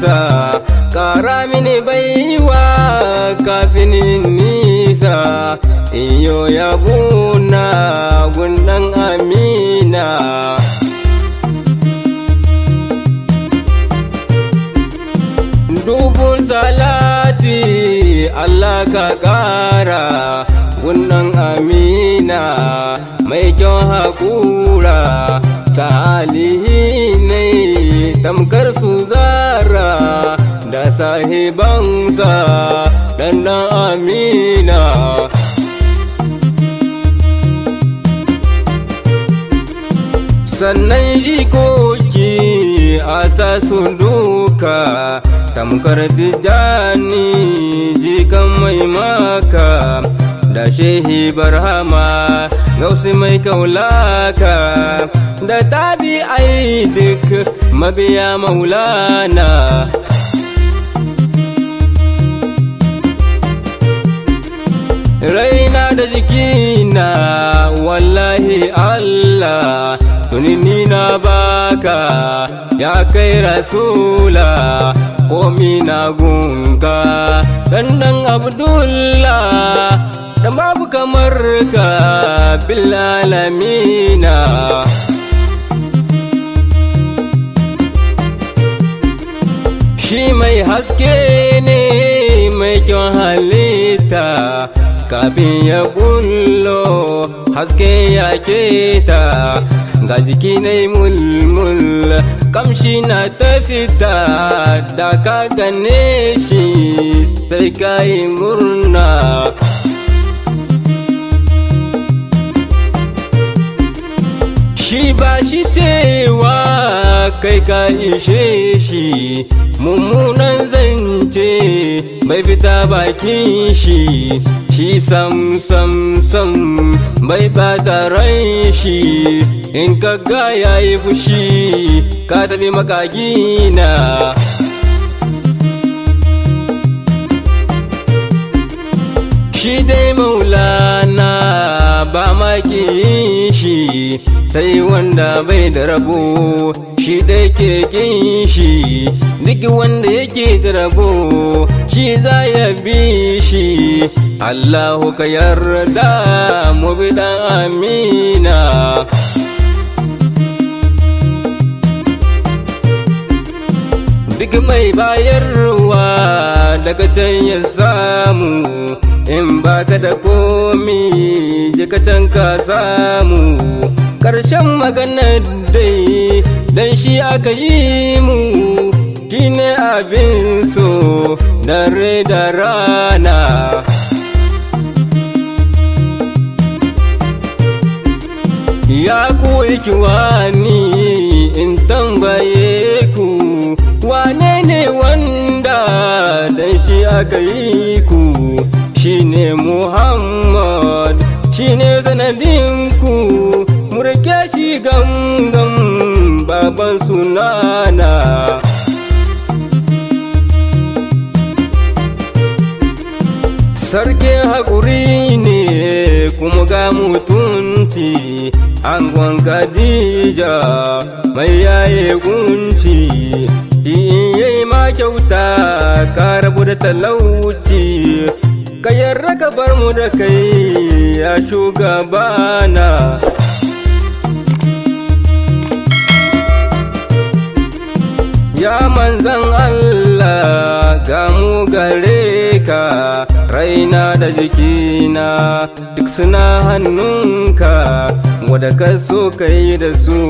sa ƙara mini baiwa kafin nisa iyo ya buna gundan amina dubun salati Allah ka ƙara gundan amina mai kyau hakura. sali ne tamkar su zara da sahibansa dan amina sannan jikoki a sa su duka tamkar tijani jikan maimaka da shehi barhama gausi mai kaulaka da tabi'ai duk mabiya maulana raina da jikina wallahi Allah tuni nina na baka ya kai rasula komi na gunka dandan abdullah da babu kamar ka bilalamina shi mai haske ne mai kyan halitta kafin ya bullo haske ya keta ga jiki na yi mulmul kamshi na ta fita da ka gane shi sai ka yi murna shi ba shi cewa kai ka ishe shi mummunan zance bai fita bakin shi shi sam sam sam bai bata rai shi in ka ga yayi fushi ka tafi makagina shi dai maulana ba maki shi sai wanda bai da rabo shi da ke kin shi duk wanda yake da rabo shi za ya bi shi allahu ka yarda mu bi dan amina duk mai bayarwa daga can ya samu baka da komi jikatan ka samu ƙarshen maganar dai dan shi aka yi mu shine abin so dare da rana ya koyi kiwani in tambaye ku wane ne wanda dan shi aka yi ku shine Muhammad shine zanadinku murke shi gangan baban sunana sarkin Hakuri ne kuma ga mutunci angon kadija mai yaye kunci in yayi ma kyauta ka rabu da talauci ka yarda ka bar mu da kai ya shugabana ya manzan Allah ga mu gare ka raina da jikina duk suna hannunka wadda ka so ka yi da su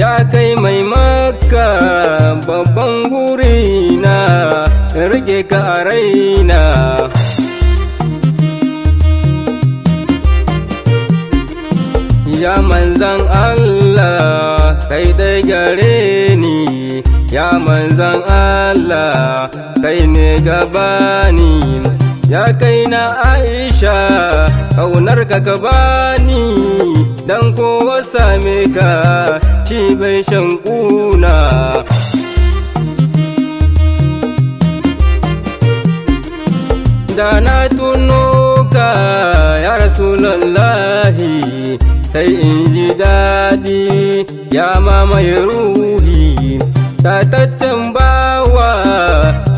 ya kai mai maka babban gurina rike ka a raina ya manzan Allah kai dai gare ni ya manzan Allah kai ne gabani ya kai na Aisha kaunar ka gabani dan kowa same ka ci bai shan kuna da na tuno ka ya rasulallahi sai in ji daɗi ya mamaye ruhi tataccen bawa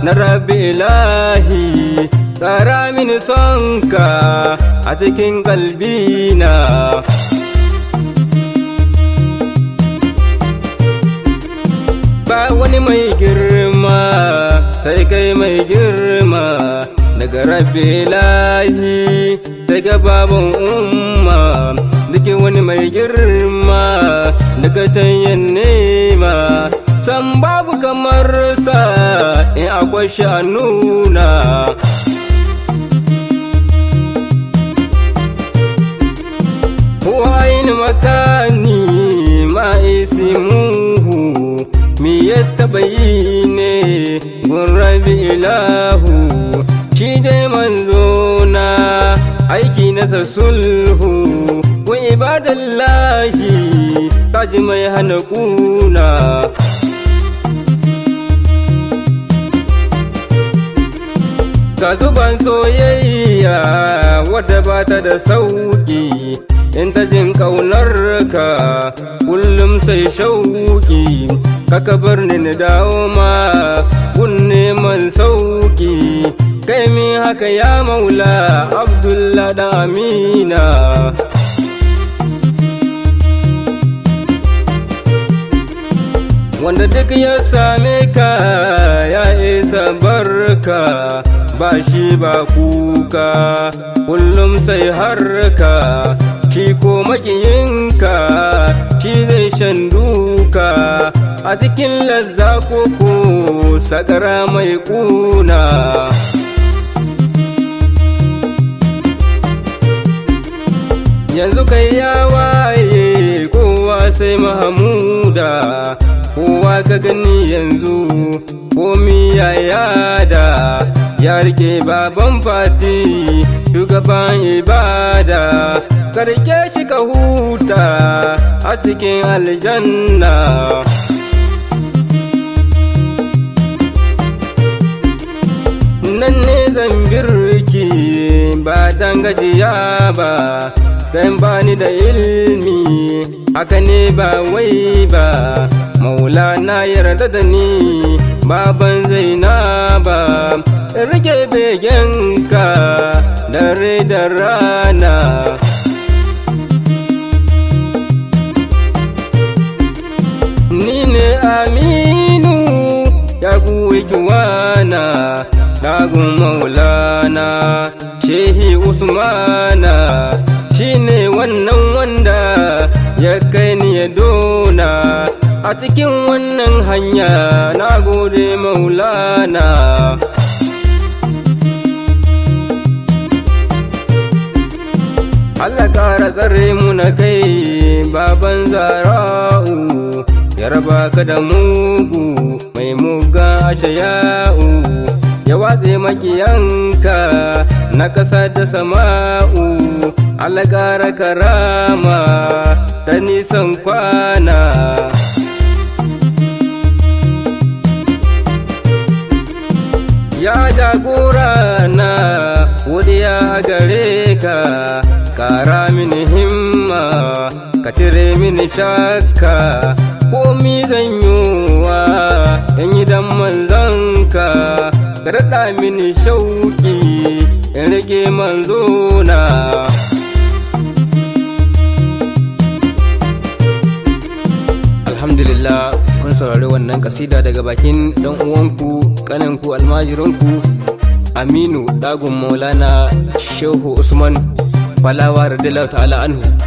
na rabi ilahi tsara mini ka a cikin kalbina ba wani mai girma sai kai mai girma daga rabi ilahi daga babin umma duke wani mai girma daga tayin nema san babu kamar sa in akwai shi a nuna wa'ayin makani ma'isi muhu mi ya taba yi ne rabi ilahu shi dai manzo na aiki nasa sulhu ibadallahi kaji mai hana kuna ga zuban soyayya wadda ba ta da sauki in ta jin ka kullum sai shauki kaka bar ni ni dawo kun neman sauki kai min haka ya maula abdullah da amina wanda duk ya same ka ya isa barka ba shi ba kuka kullum sai harka shi ko makiyinka shi zai shan duka a cikin lazza koko sakara mai kuna yanzu kai ya waye kowa sai mahamuda kowa ka gani yanzu komi ya yada ya rike baban fati shugaban ibada karke shi ka huta a cikin aljanna nan ne zambirki ba dan gajiya ba ba bani da ilmi haka ne ba wai ba maula na yarda da ni baban zainaba rage begenka dare da rana ni ne aminu ya kuwa kiwana dagun maulana shehi usmana shine wannan wanda ya kai ni ya dona a cikin wannan hanya na gode maulana Allah ƙara tsare mu na kai baban zara'u ya raba ka da mugu mai muga shaya'u ya watse makiyanka na ƙasa da sama'u Allah ƙara karama da nisan kwana ya jagora na godiya gare ka kara mini himma ka cire mini shakka komi zan yiwa in yi dan manzanka ka raɗa mini shauki in rage manzona saurari wannan kasida daga bakin dan uwanku kananku almajirinku aminu dagun maulana shehu usman falawa radiyallahu ta'ala anhu